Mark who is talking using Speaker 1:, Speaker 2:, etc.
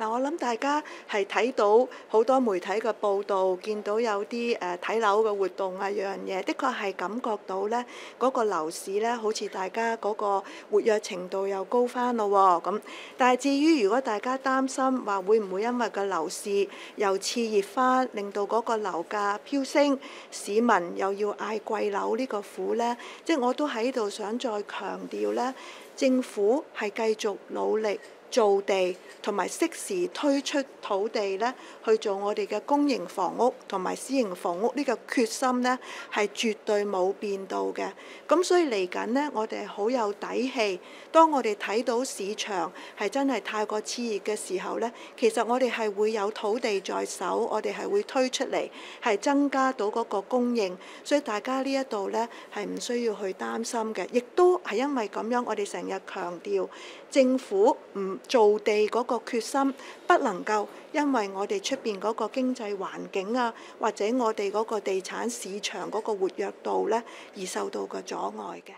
Speaker 1: 嗱，我諗大家係睇到好多媒體嘅報道，見到有啲誒睇樓嘅活動啊，樣嘢，的確係感覺到呢嗰個樓市呢，好似大家嗰個活躍程度又高翻咯喎咁。但係至於如果大家擔心話會唔會因為個樓市又熾熱翻，令到嗰個樓價飆升，市民又要捱貴樓呢個苦呢？即係我都喺度想再強調呢，政府係繼續努力。造地同埋適時推出土地咧，去做我哋嘅公營房屋同埋私營房屋呢個決心咧，係絕對冇變到嘅。咁所以嚟緊咧，我哋好有底氣。當我哋睇到市場係真係太過熾熱嘅時候咧，其實我哋係會有土地在手，我哋係會推出嚟，係增加到嗰個供應。所以大家呢一度咧係唔需要去擔心嘅，亦都係因為咁樣，我哋成日強調政府唔。造地嗰個決心，不能夠因為我哋出邊嗰個經濟環境啊，或者我哋嗰個地產市場嗰個活躍度咧，而受到個阻礙嘅。